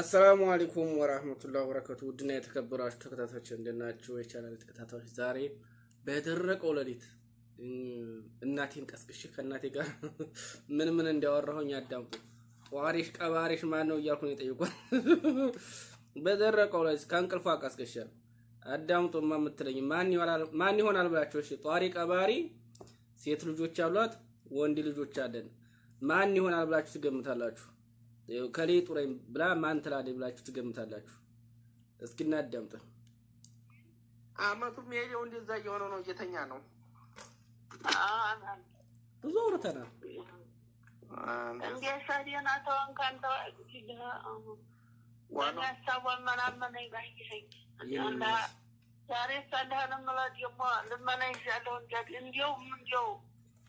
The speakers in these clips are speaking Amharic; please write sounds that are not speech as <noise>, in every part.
አሰላሙ አሌይኩም ወራህመቱላሂ ወበረከቱ ውድና የተከበራችሁ ተከታታዮች እንደናችሁ? የቻናል ተከታታዮች ዛሬ በደረቀው ለሊት እናቴን ቀስቅሽ ከእናቴ ጋር <laughs> ምን ምን እንዲያወራሁኝ አዳምጡ። ጧሪሽ ቀባሪሽ ማን ነው እያልኩ ነው የጠየኳት። በደረቀው ሌሊት ከእንቅልፏ አዳምጡ ማ የምትለኝ ማን ይሆናል ብላችሁ እሺ። ጠዋሪ ቀባሪ ሴት ልጆች አሏት፣ ወንድ ልጆች አለን። ማን ይሆናል ብላችሁ ትገምታላችሁ? ከሌ ጡረኝ ብላ ማን ትላለች ብላችሁ ትገምታላችሁ? እስኪ እናዳምጥ። አመቱም የሄደው እንደዛ እየሆነ ነው፣ እየተኛ ነው። ብዙ አውርተናል።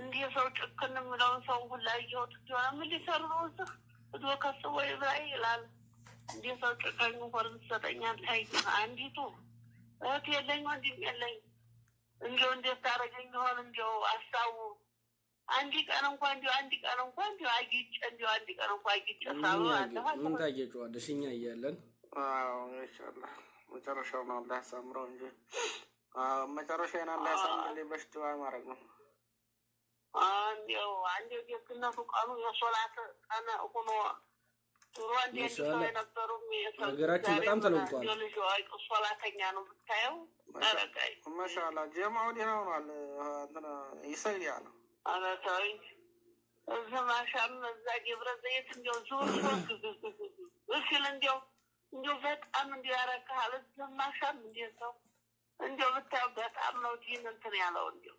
እንዲያው ሰው ጭክን የምለውን ሰው ሁላ እየወጡ ሆነ ምን ሊሰሩ ነው እዚህ እዞ ከስቦ ይብራይ ይላል። እንዲ ሰው ጭካኝ ወርዝ ትሰጠኛለህ። አንዲቱ እህት የለኝ ወንድም የለኝ። እንዲው እንዴት ታደርገኝ ይሆን? እንዲው አስታው አንድ ቀን እንኳ እንዲው አንድ ቀን እንኳ እንዲው አጊጭ እንዲው አንድ ቀን እንኳ አጊጭ ሳሉ ምን ታጌጨዋለሽ? እኛ እያለን ይሻላ መጨረሻውን አላህ ያሳምረው እንጂ መጨረሻዬን አላህ ያሳምርልኝ። በሽትዋ ማድረግ ነው እንዲያው አንድ ደግነቱ ሀገራችን በጣም ተለውጧል። ሶላተኛ ጀማው ደህና ሆኗል። ይሰያል አነታዊ ማሻም እዛ ግብረ ዘይት እንዲያው ዙር እስል እንዲያው በጣም እንዲያው ያረካሃል። እዚ ማሻም እንዴት ነው ብታየው በጣም ነው እንትን ያለው እንዲያው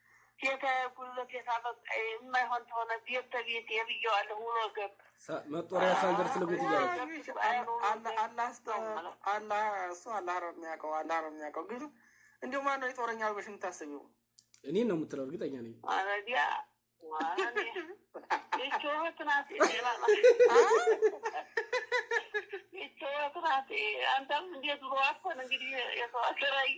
ጌታ የታበቃ የማይሆን ተሆነ ቤት የብየዋለሁ ውሎ ገብ መጦሪያ ሳንደርስ ልጉት አላህ እሱ አላህ ነው የሚያውቀው፣ አላህ ነው የሚያውቀው። ግን እንዲሁ ማነው የጦረኛ ብለሽ የምታስቢው? እኔን ነው የምትለው? እርግጠኛ ነኝ አረዲያ አንተም እንደ ድሮዋ እኮ እንግዲህ የሰው አገራየ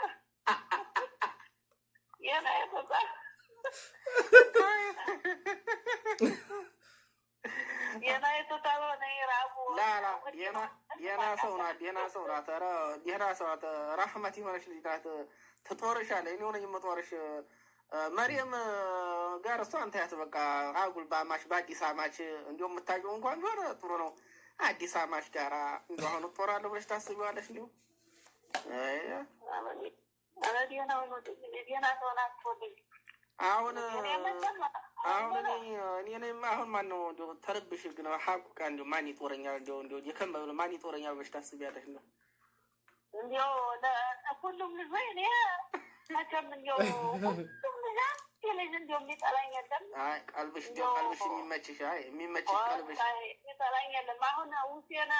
ላላ ደህና ሰው ናት፣ ደህና ሰው ናት፣ ደህና ሰው ናት። ራህመት የሆነች ልጅ ናት። ትጦርሻለች። እኔ ሆነኝ የምጦርሽ መሪየም ጋር እሷ እንታያት በቃ አጉል በአማች በአዲስ አማች እንዲሁ የምታውቂው እንኳን ቢሆን ጥሩ ነው። አዲስ አማች ጋራ እንዲ አሁን እጦራለሁ ብለሽ ታስቢዋለሽ? እንዲሁ ደህና ሰው ናት። አሁን አሁን እኔ እኔ አሁን ማን ነው እንደው ተረብሽ ግን ሀቁቃ እንደው ማን ይጦረኛል? እንደው እንደው የከም ብሎ ማን ይጦረኛል ብለሽ ታስቢያለሽ? ነው እንደው ሁሉም ልጅ ወይ እኔ መቼም እንደው ሁሉም ልጅ ልጅ እንደው የሚጠላኝ የለም። ቀልብሽ እንደው ቀልብሽ የሚመችሽ የሚመችሽ ቀልብሽ የሚጠላኝ የለም። አሁን ውሴነ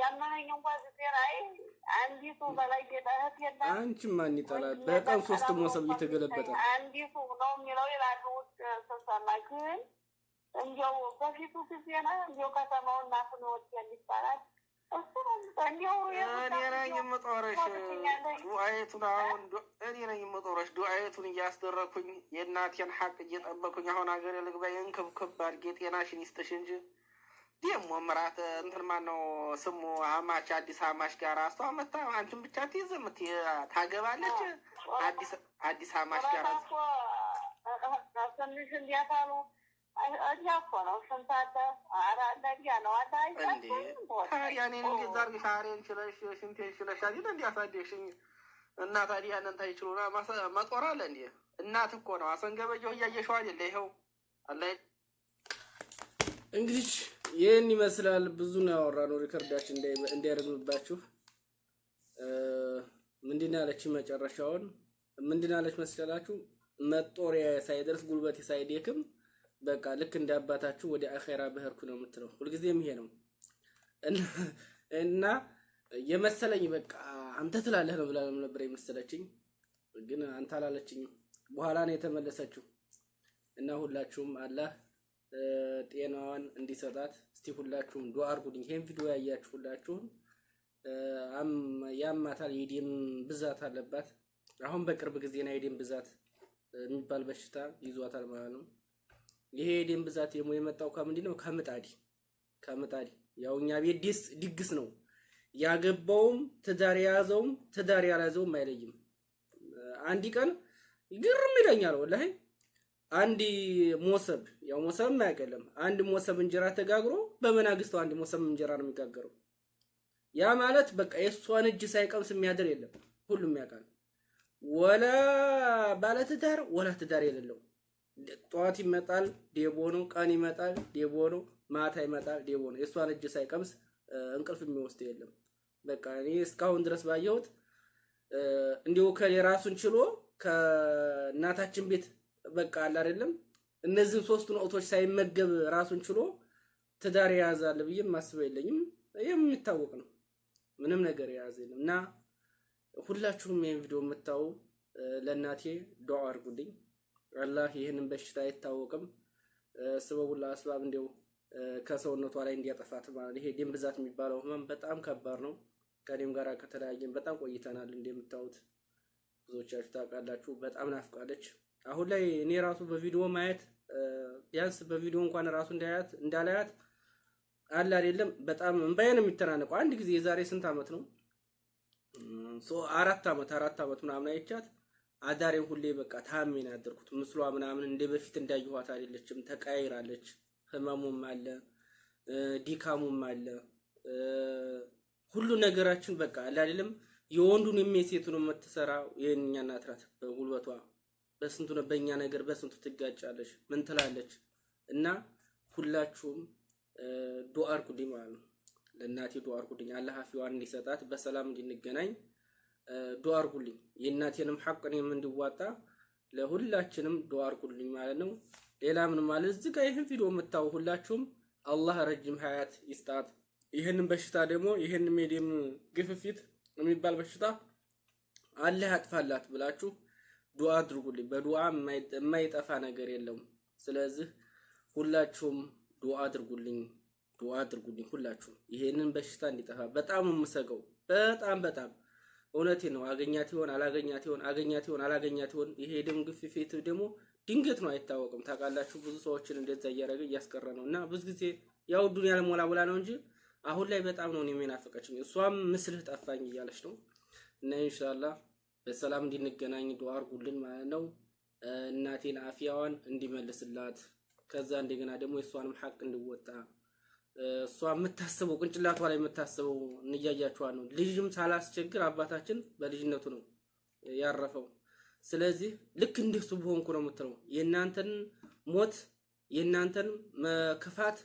ያመነኝ እንኳን ዜራይ አንዲቱ በላይ ጌጠህት የለም። አንቺ ማን ይጠላል? በጣም ሶስት ሞሰብ እየተገለበጠ አንዲቱ ነው የሚለው ይላሉ። ውስጥ ግን እንዲያው በፊቱ ጊዜ ነው እንዲያው ከተማው እናቱን ወድ ይባላል። እኔ ነኝ የምጦረሽ ዱአየቱን አሁን እኔ ነኝ የምጦረሽ ዱአየቱን እያስደረኩኝ የእናቴን ሀቅ እየጠበኩኝ አሁን ልግባ አድርጌ ጤናሽን ይስጥሽ እንጂ ይህም ምራት እንትን ማነው ስሙ አማች አዲስ አማች ጋር አስተዋመታ አንቺን ብቻ ትይዝም ታገባለች። አዲስ አማች ጋር ትንሽ እንዲያት አሉ ችለሽ ሽንቴን ችለሽ እና ታዲያ ያንን መጦር አለ እንዲ እናት እኮ ነው አሰንገበጀው ይኸው እንግዲህ ይህን ይመስላል። ብዙ ነው ያወራነው። ሪከርዳችን እንዳይረዝምባችሁ ምንድን አለች መጨረሻውን ምንድን ያለች መስላችሁ? መጦሪያ ሳይደርስ ጉልበት ሳይደክም በቃ ልክ እንደ አባታችሁ ወደ አኼራ ብሄርኩ ነው የምትለው። ሁልጊዜም ይሄ ነው እና <laughs> የመሰለኝ በቃ አንተ ትላለህ ነው ብላለም ነበር የመሰለችኝ፣ ግን አንተ አላለችኝም። በኋላ ነው የተመለሰችው እና ሁላችሁም አላህ ጤናዋን እንዲሰጣት እስቲ ሁላችሁም ዱአ አድርጉልኝ። ይሄን ቪዲዮ ያያችሁ ሁላችሁም ያማታል፣ የደም ብዛት አለባት። አሁን በቅርብ ጊዜ ነው የደም ብዛት የሚባል በሽታ ይዟታል ማለት ነው። ይሄ የደም ብዛት ደግሞ የመጣው ከምንድን ነው? ከምጣዲ ከምጣዲ። ያው እኛ ቤት ዲስ ድግስ ነው ያገባውም ትዳር የያዘውም ትዳር ያላዘውም አይለይም። አንድ ቀን ግርም ይለኛል ወላሂ አንድ ሞሰብ ያው ሞሰብ ማያቀለም አንድ ሞሰብ እንጀራ ተጋግሮ በመናግስቱ አንድ ሞሰብ እንጀራ ነው የሚጋገረው። ያ ማለት በቃ የእሷን እጅ ሳይቀምስ የሚያድር የለም፣ ሁሉም ያውቃል። ወላ ባለትዳር ወላ ትዳር የሌለው ጠዋት ይመጣል ዴቦ ነው፣ ቀን ይመጣል ዴቦ ነው፣ ማታ ይመጣል ዴቦ ነው። የእሷን እጅ ሳይቀምስ እንቅልፍ የሚወስድ የለም። በቃ እኔ እስካሁን ድረስ ባየሁት እንዲሁ ከሌ ራሱን ችሎ ከእናታችን ቤት በቃ አለ አይደለም እነዚህን ሶስቱን ነውቶች ሳይመገብ ራሱን ችሎ ትዳር የያዛል ብዬ ማስበው የለኝም። የሚታወቅ ነው። ምንም ነገር የያዘ የለም እና ሁላችሁም ይህን ቪዲዮ የምታዩ ለእናቴ ዱዓ አድርጉልኝ። አላህ ይህንን በሽታ አይታወቅም ስበቡላ አስባብ እንዲው ከሰውነቷ ላይ እንዲያጠፋት ማለት ይሄ ደም ብዛት የሚባለው ህመም በጣም ከባድ ነው። ከደም ጋር ከተለያየን በጣም ቆይተናል። እንደምታዩት ብዙዎቻችሁ ታውቃላችሁ። በጣም ናፍቃለች። አሁን ላይ እኔ ራሱ በቪዲዮ ማየት ቢያንስ በቪዲዮ እንኳን ራሱ እንዳያት እንዳላያት አለ አይደለም። በጣም እንባዬ ነው የሚተናነቀው። አንድ ጊዜ የዛሬ ስንት ዓመት ነው አራት ዓመት አራት ዓመት ምናምን አይቻት አዳሬ ሁሌ በቃ ታሜ ነው ያደርኩት። ምስሏ ምናምን እንደ በፊት እንዳየኋት አይደለችም፣ ተቀያይራለች። ህመሙም አለ ዲካሙም አለ ሁሉ ነገራችን በቃ አለ አይደለም። የወንዱን የሴቱን የምትሰራ የእኛ እናት ናት በጉልበቷ በስንቱ ነው በእኛ ነገር በስንቱ ትጋጫለሽ? ምን ትላለች? እና ሁላችሁም ዱአ አርጉልኝ ማለት ነው። ለእናቴ ዱአ አርጉልኝ፣ አላህ አፊዋን እንዲሰጣት በሰላም እንድንገናኝ ዱአ አርጉልኝ። የእናቴንም ሐቅ እኔም እንዲዋጣ ለሁላችንም ዱአ አርጉልኝ ማለት ነው። ሌላ ምን ማለት እዚህ ጋር ይህን ቪዲዮ የምታው ሁላችሁም አላህ ረጅም ሀያት ይስጣት። ይህንን በሽታ ደግሞ ይህን ሜዲየም ግፍፊት የሚባል በሽታ አላህ ያጥፋላት ብላችሁ ዱዓ አድርጉልኝ። በዱዓ የማይጠፋ ነገር የለም። ስለዚህ ሁላችሁም ዱዓ አድርጉልኝ፣ ዱዓ አድርጉልኝ ሁላችሁም ይሄንን በሽታ እንዲጠፋ። በጣም የምሰገው በጣም በጣም እውነቴ ነው። አገኛት ይሆን አላገኛት ይሆን አገኛት ይሆን አላገኛት ይሆን። ይሄ ደም ግፊት ደግሞ ድንገት ነው፣ አይታወቅም። ታውቃላችሁ ብዙ ሰዎችን እንደዛ እያደረገ እያስቀረ ነው። እና ብዙ ጊዜ ያው ዱንያ ለሞላሞላ ነው እንጂ አሁን ላይ በጣም ነው የሚናፈቀችኝ። እሷም ምስልህ ጠፋኝ እያለች ነው እና ኢንሻአላህ በሰላም እንድንገናኝ ዱዓ አድርጉልን ማለት ነው። እናቴን አፊያዋን እንዲመልስላት ከዛ እንደገና ደግሞ የእሷንም ሀቅ እንድወጣ እሷ የምታስበው ቅንጭላቷ ላይ የምታስበው እንያያቸዋ ነው። ልጅም ሳላስቸግር አባታችን በልጅነቱ ነው ያረፈው። ስለዚህ ልክ እንደሱ በሆንኩ ነው የምትለው። የእናንተን ሞት የእናንተን መከፋት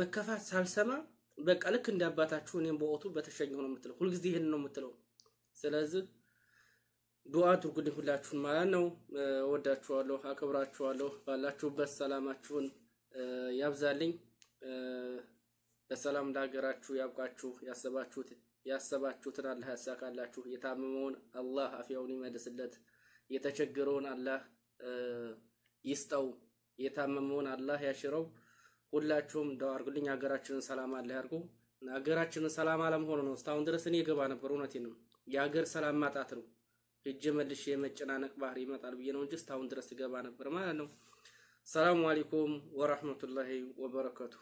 መከፋት ሳልሰማ በቃ ልክ እንደ አባታችሁ እኔም በወቱ በተሸኘሁ ነው የምትለው። ሁልጊዜ ይህን ነው የምትለው። ስለዚህ ዱዓ አድርጉልኝ ሁላችሁን ማለት ነው። ወዳችኋለሁ፣ አክብራችኋለሁ። ባላችሁበት ሰላማችሁን ያብዛልኝ። በሰላም ለሀገራችሁ ያብቃችሁ። ያሰባችሁት ያሰባችሁትን አላህ ያሳካላችሁ። የታመመውን አላህ አፍያውን ይመልስለት። የተቸገረውን አላህ ይስጠው። የታመመውን አላህ ያሽረው። ሁላችሁም ዱዓ አድርጉልኝ። ሀገራችንን ሰላም አለ ያርጉ። ሀገራችንን ሰላም አለመሆኑ ነው እስካሁን ድረስ እኔ ገባ ነበር። እውነቴን ነው የሀገር ሰላም ማጣት ነው። እጅ መልሽ የመጨናነቅ ባህሪ ይመጣል ብዬ ነው እንጂ እስካሁን ድረስ ገባ ነበር ማለት ነው። ሰላሙ አለይኩም ወራህመቱላሂ ወበረከቱ።